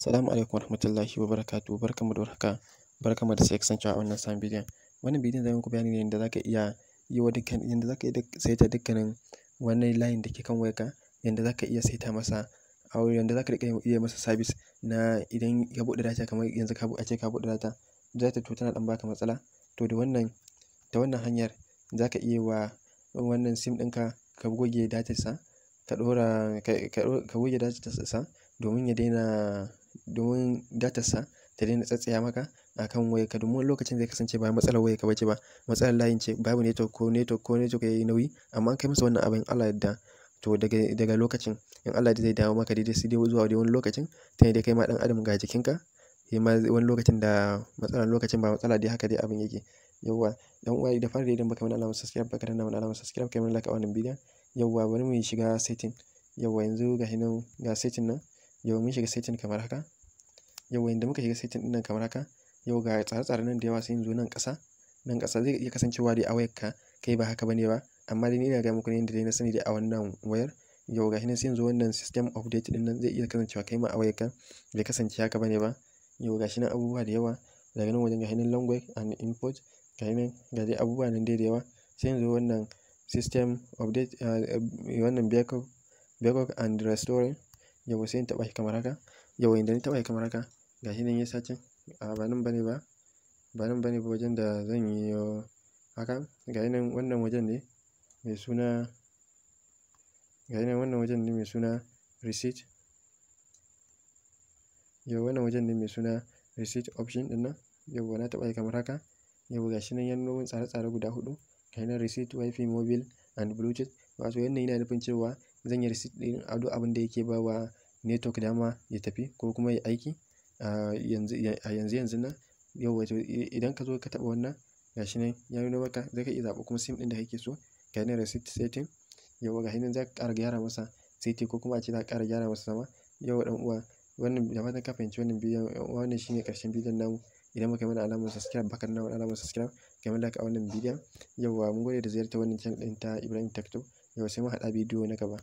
Salamu alaikum warahmatullahi wabarakatuh barkamu da warhaka barkamu da sake kasancewa a wannan sabon bidiyon wannan bidiyon zai muku bayani ne yadda ka iya yi wa dukkan yadda ka iya saita dukkanin wannan layin da ke kan wayarka yadda ka iya saita masa a yadda za riƙa iya masa sabis na idan ka buɗe data kamar yanzu ka a ce ka buɗe data ta to tana ɗan baka matsala to da wannan ta wannan hanyar ka iya wa wannan sim ɗinka ka goge datarsa ta ɗora ka goge sa domin ya daina domin sa ta daina tsatstsaya maka a kan ka domin wani lokacin zai kasance ba matsalar ka bace ba matsalar layin ce babu network ko network ko network yayi nauyi amma an kai masa wannan abin Allah yadda to daga daga lokacin in Allah zai dawo maka daidai sai dai zuwa wani lokacin ta ne dai kai ma dan adam ga jikinka sai ma wani lokacin da matsalar lokacin ba matsala dai haka dai abin yake yawwa dan uwa da fara dai idan baka mana alamar subscribe baka danna mana alamar subscribe kai mana like a wannan bidiyon yauwa bari mu shiga setting yauwa yanzu ga nan ga setting nan yauwa mun shiga setting kamar haka yauwa yanda muka shiga setting ɗin nan kamar haka yau ga tsare-tsare nan da yawa sun zo nan ƙasa nan ƙasa zai iya kasancewa dai a wayarka kai ba haka bane ba amma dai ni ina ga muku ne da dai na sani dai a wannan wayar yau ga nan sai yanzu wannan system update ɗin nan zai iya kasancewa kai ma a wayarka bai kasance haka bane ba yau ga nan abubuwa da yawa daga nan wajen ga nan language and import ga nan ga dai abubuwa nan dai da yawa sai yanzu wannan system update uh, wannan backup backup and restoring yawa sai in taɓa shi kamar haka yawa inda ni taɓa shi kamar haka gashi nan ya sace a ba nan bane ba ba nan bane ba wajen da zan yi haka gashi nan wannan wajen ne mai suna gashi nan wannan wajen ne mai suna receipt yawa wannan wajen ne mai suna receipt option din nan yawa na taɓa shi kamar haka yawa ga shi nan ya nuna tsare-tsare guda hudu kind receipt wifi mobile and bluetooth wato wannan yana nufin cewa zan yi receipt ɗin a duk abin da yake bawa network dama ya tafi ko kuma ya aiki a yanzu yanzu nan yau wato idan ka zo ka taɓa wannan gashi nan ya nuna maka zai ka iya zaɓa kuma sim ɗin da kake so ga nan receipt setting yau gashi nan za ka ƙara gyara masa setting ko kuma a ce za ka ƙara gyara masa sama yau ɗan uwa wannan da fatan ka fahimci wannan bidiyon wannan shine ƙarshen bidiyon namu idan baka mana alamar subscribe na nan alamar subscribe game da haka a wannan bidiyon yauwa mun gode da ziyartar wannan channel ɗin ta Ibrahim tekto yau sai mun haɗa bidiyo na gaba